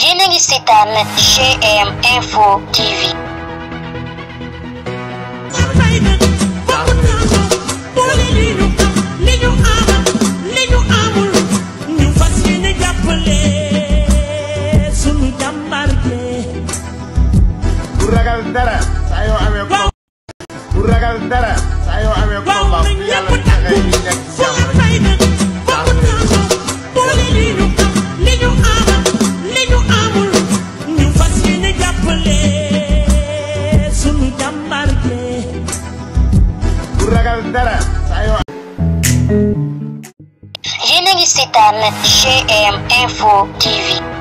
yéen a ngi seetaan GM Info TV. bu ragal dara saa yoo amee. bu ragal dara saa yoo amee combat yàlla bu ragal dara yéen a ngi seetaan GM Info TV